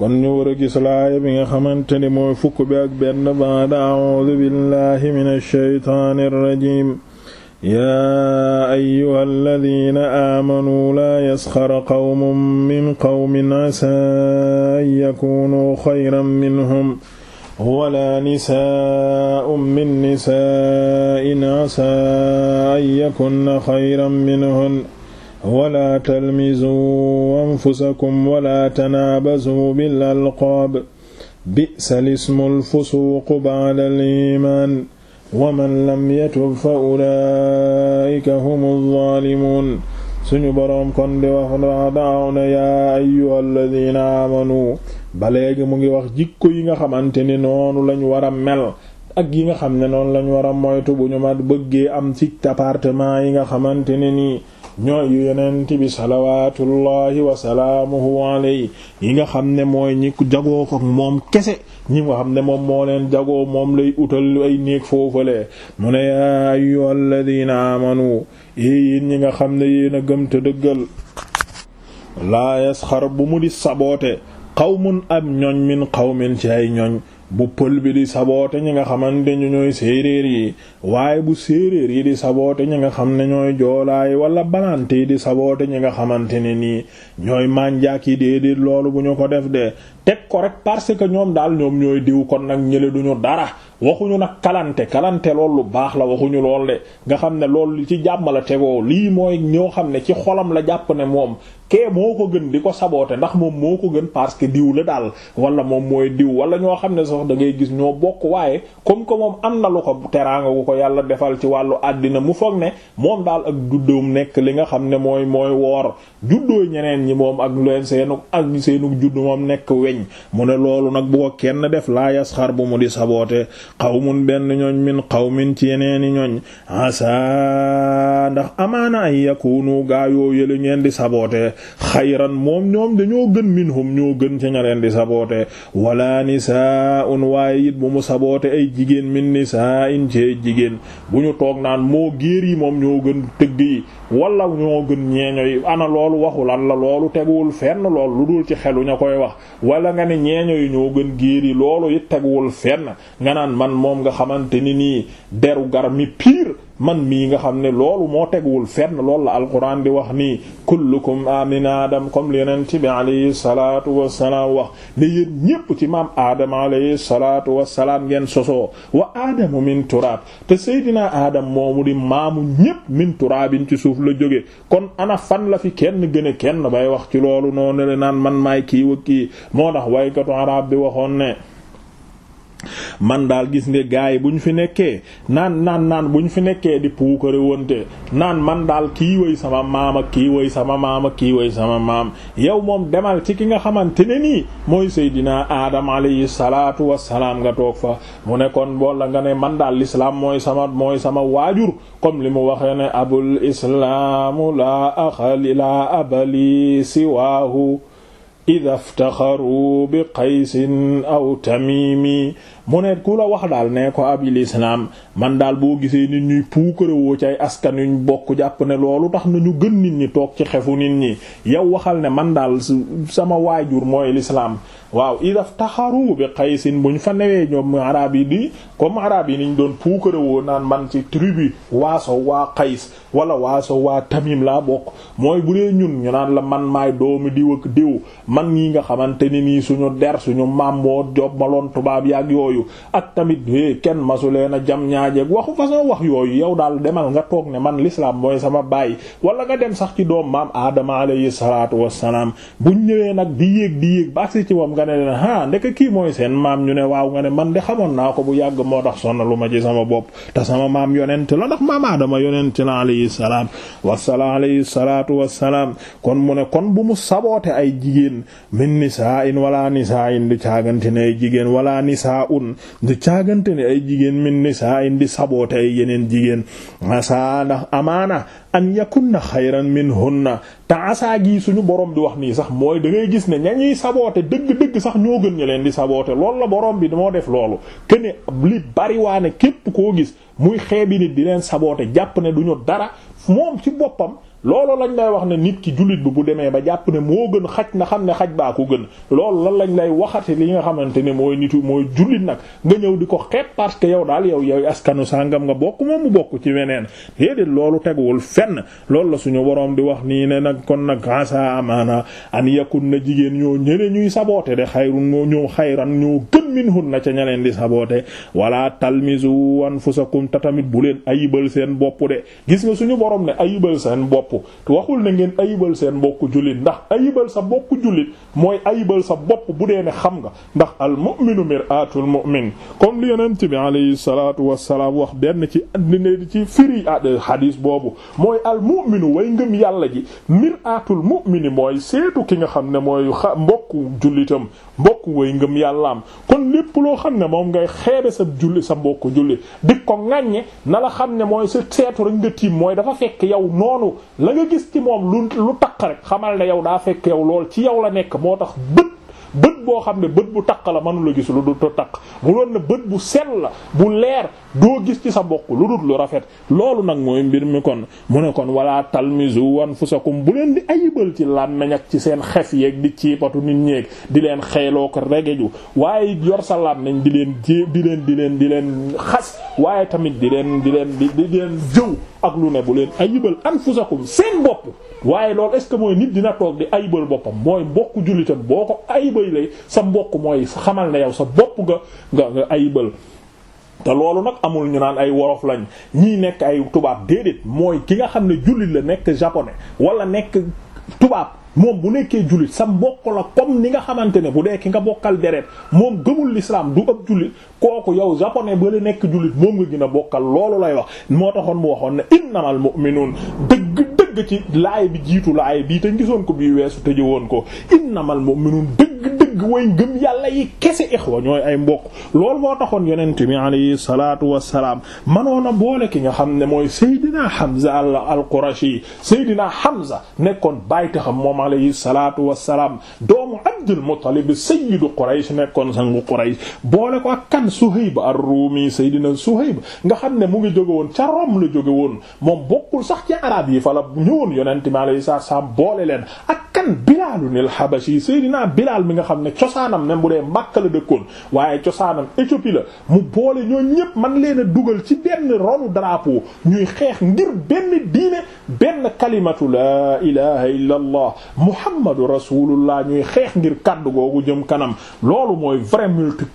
kon ñu war a gis laaya bi nga xamante ne mooy fukk bi ak benn baada a'uudu billahi min alsheytaani irrajim yaa ayuha alladina aamanuu laa yasxar qawmu min qawmin asaa an yakunuu xayran minhum wala nisaau min nisaain asaa an yakunna xayran minhun wala talmizu anfusakum wala tanaabazu bil alqaab bi'sa lismul fusuuqu ba'dal iimaan wa man lam yatub fa ulaa'ika humu zaalimuun suñu boroom kon di wax daaw na yaa ayyuhal ladiina aamanu ba léegi mu ngi wax jikko yi nga xamante ni noonu lañu war a mel ak yi nga xam ne noonu lañ war a moytu bu ñu mat bëggee am ci appartement yi nga xamante ne nii. ñooy yonent bi salawaatullahi wa salaamuhu alayhi yi nga xam ne mooy ñi jagoo ko moom kese ñi nga xam ne moom moo leen jagoo moom lay utal ay néeg foofale mu ne yaa ayyuhal ladiina aamanu yéen ñi nga xam ne yéen a gëm te dëggal laa yasxar bu mu di saboote qawmun am ñoñ min qawmin ci ay ñoñ bu pël bi di saboote ñi nga xamante ñu ñooy séeréer yi waaye bu séeréer yi di saboote ñi nga xam ne ñooy joolaay wala balante yi di saboote ñi nga xamante ne nii ñooy mànjaak yi déedéet loolu bu ñu ko def de teg ko rek parce que ñoom daal ñoom ñooy diw kon nag ñële duñu dara waxuñu nag kalante kalante lool lu baax la waxuñu lool de nga xam ne loolu ci jàmm la tegoo lii mooy ñoo xam ne ci xolam la jàpp ne moom kee moo ko gën di ko saboote ndax moom moo ko gën parce que diw la daal wala moom mooy diw wala ñoo xam ne sax da ngay gis ñoo bokk comme que moom am na lu ko teraanga gu ko yàlla defal ci wàllu àddina mu foog ne moom daal ak juddoom nekk li nga xam ne mooy mooy woor juddoo ñeneen ñi moom ak leen seenu ak seenu juddu moom nekk weñ mu ne loolu nag bu ko kenn def laa yasxar bu mu di saboote qawmun benn ñooñ min qawmin ci yeneeni ñooñ asa ndax amaana ay yakunu gaa yoo yële ngeen di saboote xayran moom ñoom dañoo gën min minhum ñoo gën ci ña leen di saboote wala nisaa'un waaye it bu mu saboote ay jigéen min nisaa'in ci ay jigéen bu ñu toog naan moo géer yi moom ñoo gën tëgg yi wala ñoo gën ñeeño yi ana loolu waxu lan la loolu teguwul fenn lool lu dul ci xelu ña koy wax wala nga ne ñeeño yi ñoo gën géer yi loolu it teguwul fenn nga naan man moom nga xamante ni nii deru gar mi piir man mii nga xam ne loolu moo teguwul fenn lool la alquran di wax nii kullukum amin adam comme li yonent bi alayhi salatu wasalaam wax ne yéen ñépp ci maam aadama alayhi salatu wasalaam ngeen soso wa aadamu min turaab te seydinaa aadam moomu di maamu ñépp min turaabin ci suuf la jóge kon ana fan la fi kenn gën kenn bay wax ci loolu noonu le man maay kii wa kii moo tax waykatu arab bi waxoon ne man daal gis nga gaay bu ñu fi nekkee naan naan naan bu ñu fi nekkee di puukare wonte naan man daal kii woy sama maam ak kii woy sama maam ak kii woy sama maam yow moom demal ci ki nga xamante ne nii mooy Seydina Adam alayhi salaatu wassalaam nga toog fa mu ne kon bolla nga ne man daal l'islam mooy sama mooy sama waajur comme li mu waxee ne abul islaamu laa axali laa abali siwaahu ida ftaxaru bi qaysin aw tamimi mu ne ku la wax daal ne ko abil islaam man daal boo gisee nit ñuy puukarewoo ci ay askan yuñ bokk jàpp ne loolu tax nañu gën nit ñi toog ci xefu nit ñi yow waxal ne man daal sama waajur mooy lislaam waaw ida ftaxaru bi qaysin buñ fa newee ñoom arab yi di comme arab yi niñ doon puukarewoo naan man ci tribu waaso waa qays wala waaso waa tamim laa bokk mooy bu dee ñun ñu naan la man maay doomu diw ak diw man ñii nga xamante ni nii suñu der suñu maam moo job maloon tubaab yaag yooyu ak tamit kenn masuleen a jam ñaajeeg waxu façon wax yooyu yow daal demal nga toog ne man l'islam mooy sama baay wala nga sax ci doom maam aadama alayhi salaatu wassalaam buñ ñëwee nag di yéeg di yéeg ba agsi ci moom nga ne leen ah ndek mooy seen maam ñu ne waaw nga ne man de xamoon naa ko bu yàgg moo tax lu ma ci sama bopp te sama maam yonent la ndax maam aadama yonent la alayhi salaam wassalaam alayhi salaatu wassalaam kon mu ne kon bu mu saboote ay jigéen min min in wala nisa du caagante ne ay jigéen wala nisaaun du caagante ne ay jigéen min nisaain di saboote ay yeneen jigéen asaa ndax amaana an yakunna xayran minhunna te asaa gi suñu borom di wax nii sax mooy da ngay gis ne ña ñuy saboote dëgg-dëgg sax ñoo gën ñu leen di saboote loolu la borom bi moo def loolu kene li bariwaane képp koo gis muy xeebi nit di leen saboote jàpp ne duñu dara moom ci boppam loolu lañ lay wax ne nit ki jullit bi bu demee ba jàpp ne moo gën xaj na xam ne xaj baa ko gën loolu lan lañ lay waxati li nga xamante ne mooy nitu mooy jullit nag nga ñëw di ko xeeb parce que yow daal yow yow askanu sàngam nga bokk moom mu bokk ci weneen déedéet loolu teguwul fenn loolu la suñu boroom di wax nii ne nag kon nag asa amaana an yakun na jigéen ñoo ñene ñuy saboote de xayrun ñoo xayran ñoo gën minhun na ca ña leen di saboote wala talmizu anfusakum ta tamit bu leen ayibal seen bopp de gis nga suñu boroom ne ayibal seen bopp bopp waxul na ngeen ayibal seen mbokku jullit ndax ayibal sa mbokku jullit mooy ayibal sa bopp bu dee ne xam nga ndax al mu'minu mir'atul mu'min comme li yonent bi alayhi salaatu wassalaam wax benn ci addine ci firi hadis boobu mooy al mu'minu way ngëm yàlla ji mir'atul mu'mini mooy seetu ki nga xam ne mooy mbokku jullitam mbokk woy ngëm yàllaam kon lépp loo xam ne moom ngay xeebe sa julli sa mbokk julli di ko ŋàññe na la xam ne mooy sa seetu rek nga tiim mooy dafa fekk yow noonu la nga gis ci moom lu lu taq rek xamal ne yow daa fekk yow lool ci yow la nekk moo tax bët bët boo xam ne bët bu taq la mënu gis lu dul to taq bu doon ne bët bu sell la bu leer doo gis ci sa mbokk lu dul lu rafet loolu nag mooy mbir mi kon mu ne kon wala talmizu kum bu leen di ayibal ci làmmeñ ak ci seen xef yeeg di ciibatu nit ñeeg di leen xeeloo ko regeju waaye yor sa làmmeñ di leen ji di leen di leen di leen xas waaye tamit di leen di leen di leen jëw ak lu ne bu leen ayibal anfusakum seen bopp waaye lool est ce que mooy nit dina toog di ayibal boppam mooy mbokku jullitam boo ko ayibal lay sa mbokk mooy xamal na yow sa bopp nga nga ay bël te loolu nag amul ñu naan ay worof lañ ñii nekk ay tubaab déedéet mooy ki nga xam ne jullit la nekk japonais wala nekk tubaab moom bu nekkee jullit sa mbokk la comme ni nga xamante ne bu dee ki nga bokkal deret moom gëmul l'islam du ëpp jullit kooku yow japonais ba la nekk jullit moom nga gën bokkal loolu lay wax moo taxoon mu waxoon na innamal mu'minun dëgg dëgg ci laay bi jiitu laay bii te gisoon ko weesu tëjee woon ko innamal mu'minun dëgg way ngëm yàlla yi kese ixwa ñooy ay mbokk loolu moo taxoon yonent bi alayhi salaatu wassalaam manoon a boole ki nga xam ne mooy Seydina Hamza al-Qurashi Seydina Hamza nekkoon baytaxam moom alayhi salaatu wassalaam doomu Abdul Muttalib sayyidu Quraysh nekkoon sangu Quraysh boole ko ak kan Suhayb ar-Rumi Seydina Suhayb nga xam ne mu ngi jóge woon ca Rom la jóge woon moom bokkul sax ci arab yi fa boole leen kan bilaalu nil xabashi seydinaa bilaal mi nga xam ne cosaanam même bu dee Makka la dëkkoon waaye cosaanam Éthiopie la mu boole ñoo ñépp man leen a dugal ci benn ronu drapeau ñuy xeex ngir benn diine benn kalimatu laa ilaha illa allah muhammadu rasulullah ñuy xeex ngir kàddu googu jëm kanam loolu mooy vrai multi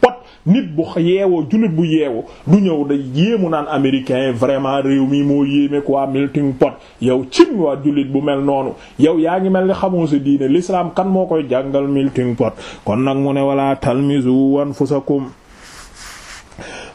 pot nit bu yeewoo jullit bu yeewoo du ñëw da yéemu naan américain vraiment réew mi moo yéeme quoi melting pot yow cim waa jullit bu mel noonu yow yaa ngi mel ni xamoo sa diine l'islam kan moo koy jàngal melting pot kon nag mu ne wala talmizu anfusakum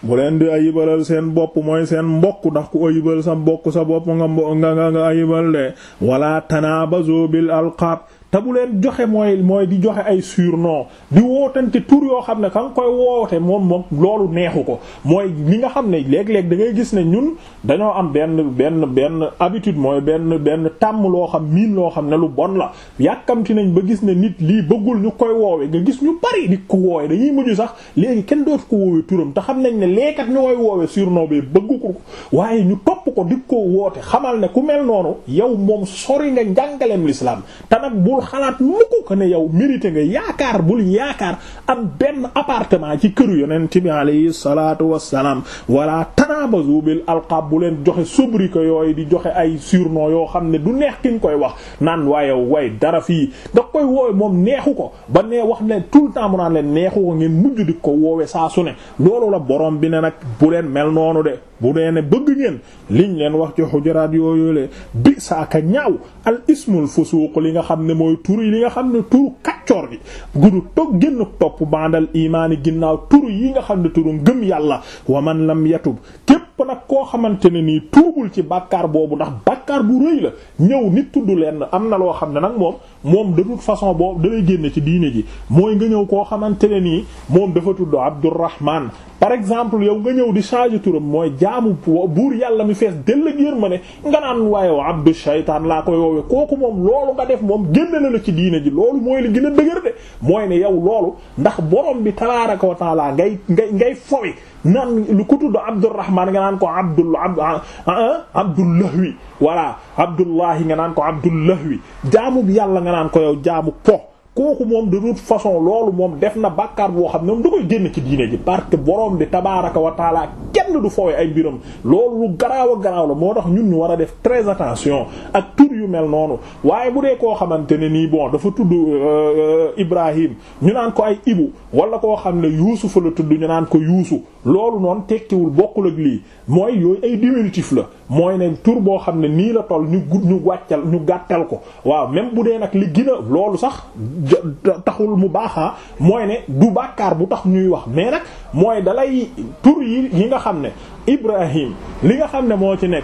bu leen di ayibalal seen bopp mooy seen mbokk ndax ku ayibal sa mbokk sa bopp nga nga nga ayibal de wala tanabazu bil alqab te bu leen joxe mooy mooy di joxe ay surnom di wootante tur yoo xam ne ka nga koy woote moom moom loolu neexu ko mooy li nga xam ne léeg-léeg da ngay gis ne ñun dañoo am benn benn benn habitude mooy benn benn tàmm loo xam miin loo xam ne lu bon yàkkamti nañ ba gis ne nit lii bëggul ñu koy woowe nga gis ñu bari di ko woowe dañuy mujj sax léegi kenn dootu ko turam te xam nañ ne leekat ñu koy woowe surnom bi bëggu ko waaye ñu topp ko di ko woote xamal ne ku mel noonu yow moom sori nga njàngaleem l'islam te nag bul xalaat mukk ko ne yow mérité nga yaakaar bul yaakaar am benn appartement ci këru yonent bi alayhi salaatu wassalaam wala tanabazu bil alqab bu leen joxe sobriquet yooyu di joxe ay surnom yoo xam ne du neex ki koy wax naan waaye way dara fii nga koy woowe moom neexu ko ba nee wax leen tout le temps leen neexu ngeen mujj di ko woowe saa ne loolu la borom bi ne nag bu leen mel noonu de bu dee ne bëgg ngeen liñ leen wax ci xujuraat yooyu le bi saaka ñaaw al ismul li nga xam ne mooy tur yi li nga xam ne turu kaccoor bi gudu toog génn topp bandal imaani ginnaaw tur yi nga xam ne turu ngëm yàlla wa man lam yatub képp képp nag koo xamante ne nii tuubul ci bàkkaar boobu ndax bàkkaar bu rëy la ñëw nit tudd leen am na loo xam ne nag moom moom de façon boobu dalay génn ci diine ji mooy nga ñëw koo xamante ne nii moom dafa tudd Abdurrahman par exemple yow nga ñëw di changer turam mooy jaamu buur yàlla mi fees dell ak yërmande nga naan waaye abdu shaytaan laa koy woowe kooku moom loolu nga def moom génne na la ci diine ji loolu mooy li gën a dëgër de mooy ne yow loolu ndax borom bi tabaaraka wa taala ngay ngay ngay fowe naan lu ko tudd Abdurrahman nga naan ko Abdul ah, ah, Abdullahwi walla Abdullahi nga naan ko Abdullahwi jaamu yàlla nga naan ko yow jaamu po kooku moom de toute façon loolu moom def na bàkkaar boo xam ne moom da koy génn ci diine ji parce que boroom bi tabaaraka wa taala kenn du fowee ay biram loolu lu garaaw garaaw la moo tax ñun ñu war a def très attention ak tur yu mel noonu waaye bu dee koo xamante ne nii bon dafa tudd euh, euh, Ibrahim ñu naan ko ay Ibu wala koo xam ne Yuusuf la tudd ñu naan ko Yuusu loolu noonu tekkiwul bokkul ak lii mooy yooyu ay diminutif la. mooy ne tur boo xam ne nii la toll ñu gudd ñu wàccal ñu gàttal ko waaw même bu dee nag li gën loolu sax taxul mu baaxa ah, mooy ne du bàkkaar bu tax ñuy wax mais nag mooy dalay tur yi yi nga xam ne Ibrahim li nga xam ne moo ci nekk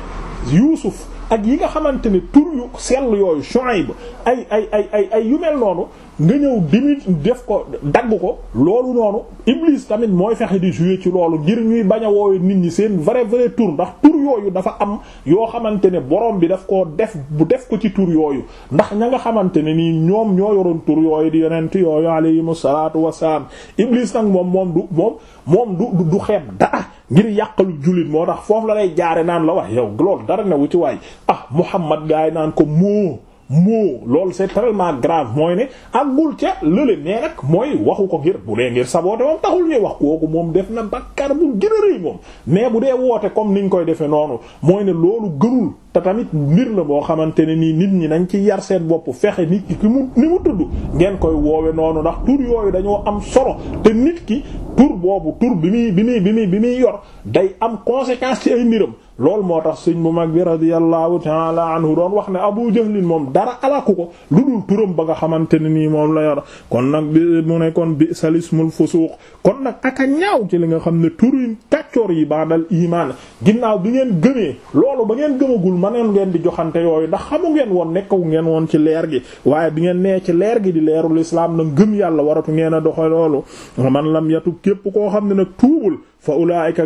Yuusuf ak yi nga xamante ne tur yu sell yooyu Shuayb ay ay ay ay ay yu mel noonu nga ñëw dimi def ko dagg ko loolu noonu Iblis tamit mooy fexe di jouer ci loolu ngir ñuy bañ a woowe nit ñi seen vrai vrai tur ndax tur yooyu dafa am yoo xamante ne borom bi daf ko def bu def ko ci tur yooyu ndax ña nga xamante ne nii ñoom ñoo yoroon tur yooyu di yonent yooyu alayhimu salaatu wassalaam Iblis nag moom moom du moom moom du du xeeb dara ngir yàqalu jullit moo tax foofu la lay jaare naan la wax yow loolu dara newu ci waay ah Muhammad gaay naan ko moo moo loolu c'est tellement grave mooy ne àggul ca lële nee nag mooy waxu ko ngir bu dee ngir saboote moom taxul ñuy wax kooku moom def na bakkar bu gën a rëy moom mais bu dee woote comme ni ñu koy defee noonu mooy ne loolu gënul te tamit mbir la boo xamante ne nii nit ñi nañ ci yar seen bopp fexe nit ki mu ni mu tudd ngeen koy woowe noonu ndax tur yooyu dañoo am solo te nit ki tur boobu tur bi muy bi muy bi muy bi muy yor day am conséquence ci ay mbiram lool moo tax sëñ bu mag bi radiyallahu taala anhu doon wax ne abu jahlin moom dara alaku ko lu dul turam ba nga xamante ne nii moom la yor kon nag bi mu ne kon bi salismul fusuuq kon nag aka ñaaw ci li nga xam ne turin kàccoor yi baadal iman ginnaaw bi ngeen gëmee loolu ba ngeen gëmagul mënoon ngeen di joxante yooyu ndax xamu ngeen woon nekkagu ngeen woon ci leer gi waaye bi ngeen nee ci leer gi di leerul islaam nag gëm yàlla waratu ngeen a doxe loolu man lam yatub képp koo xam ne nag tuubul fa ulaa'ika